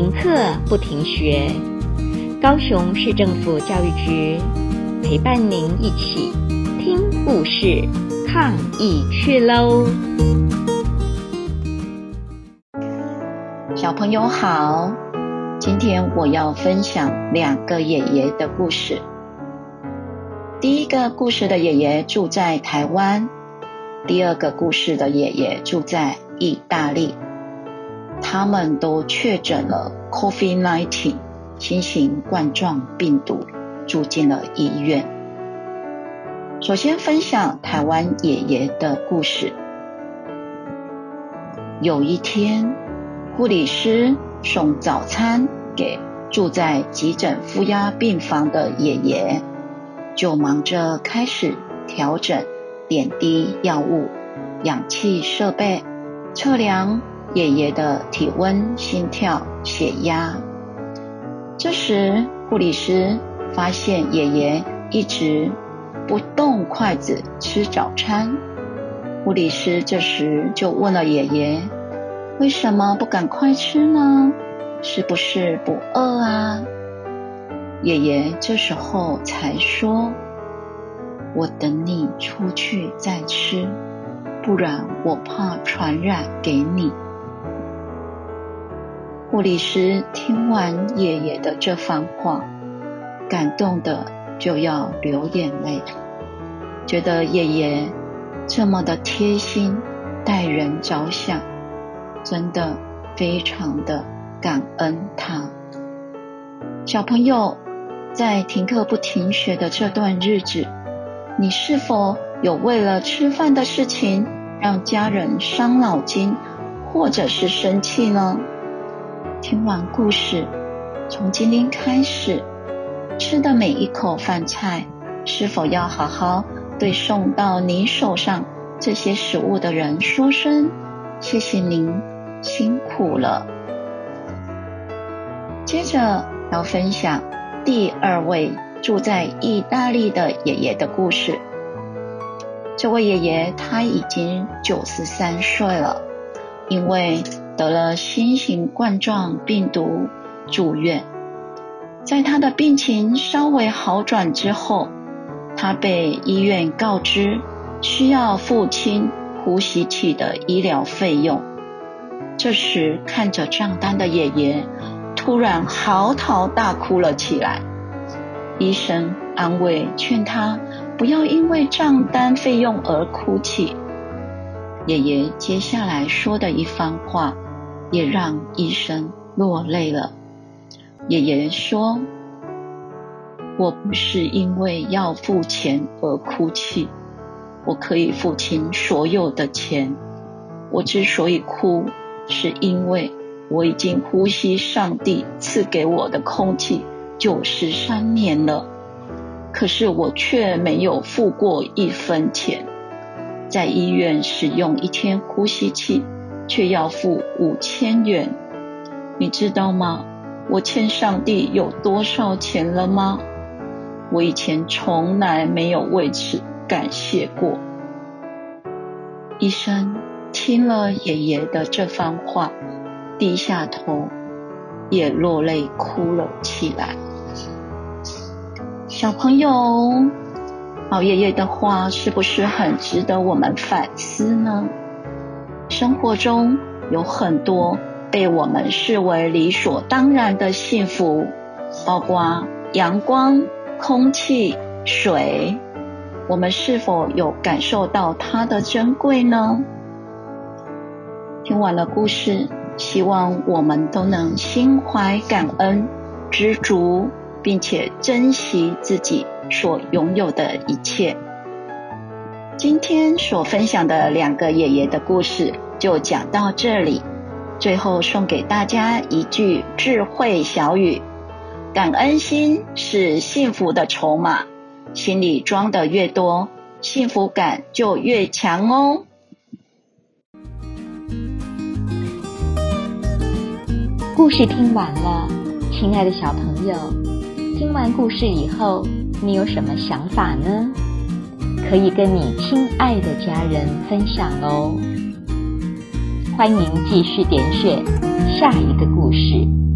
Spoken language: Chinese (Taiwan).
停課不停學，高雄市政府教育局陪伴您一起聽故事抗疫趣嘍。小朋友好，今天我要分享兩個爺爺的故事。第一個故事的爺爺住在台灣，第二個故事的爺爺住在意大利。他們都確診了 COVID-19 新型冠狀病毒，住進了醫院。首先分享台灣爺爺的故事。有一天，護理師送早餐給住在急診負壓病房的爺爺，就忙着開始調整點滴藥物、氧氣設備、測量。爺爺的體溫、心跳、血壓。這時，護理師發現爺爺一直不動筷子吃早餐。護理師這時就問了爺爺：“為什麼不趕快吃呢？是不是不餓啊？”爺爺這時候才說：“我等你出去再吃，不然我怕傳染給你。”護理師聽完爺爺的這番話，感動的就要流眼淚，覺得爺爺這麼的貼心，待人着想，真的非常的感恩他。小朋友，在停課不停學的這段日子，你是否有為了吃飯的事情讓家人傷腦筋，或者是生氣呢？聽完故事，從今天開始，吃的每一口飯菜，是否要好好對送到你手上這些食物的人說聲謝謝您辛苦了？接着要分享第二位住在意大利的爺爺的故事。這位爺爺他已經九十三歲了，因為。得了新型冠狀病毒住院，在他的病情稍微好轉之後，他被醫院告知需要付清呼吸器的醫療費用。這時，看着賬單的爺爺突然嚎啕大哭了起來。醫生安慰勸他不要因為賬單費用而哭泣。爺爺接下來說的一番話。也讓醫生落淚了。爺爺說：“我不是因為要付錢而哭泣，我可以付清所有的錢。我之所以哭，是因為我已經呼吸上帝賜給我的空氣九十三年了，可是我卻沒有付過一分錢。在醫院使用一天呼吸器。”卻要付五千元，你知道嗎？我欠上帝有多少錢了嗎？我以前從來沒有為此感謝過。醫生聽了爺爺的這番話，低下頭，也落淚哭了起來。小朋友，老爺爺的話是不是很值得我們反思呢？生活中有很多被我們視為理所當然的幸福，包括陽光、空氣、水，我們是否有感受到它的珍貴呢？聽完了故事，希望我們都能心懷感恩、知足，並且珍惜自己所擁有的一切。今天所分享的兩個爺爺的故事。就講到這裡。最後送給大家一句智慧小語：感恩心是幸福的籌碼，心裡裝得越多，幸福感就越強哦。故事聽完了，親愛的小朋友，聽完故事以後，你有什麼想法呢？可以跟你親愛的家人分享哦。歡迎繼續點選下一個故事。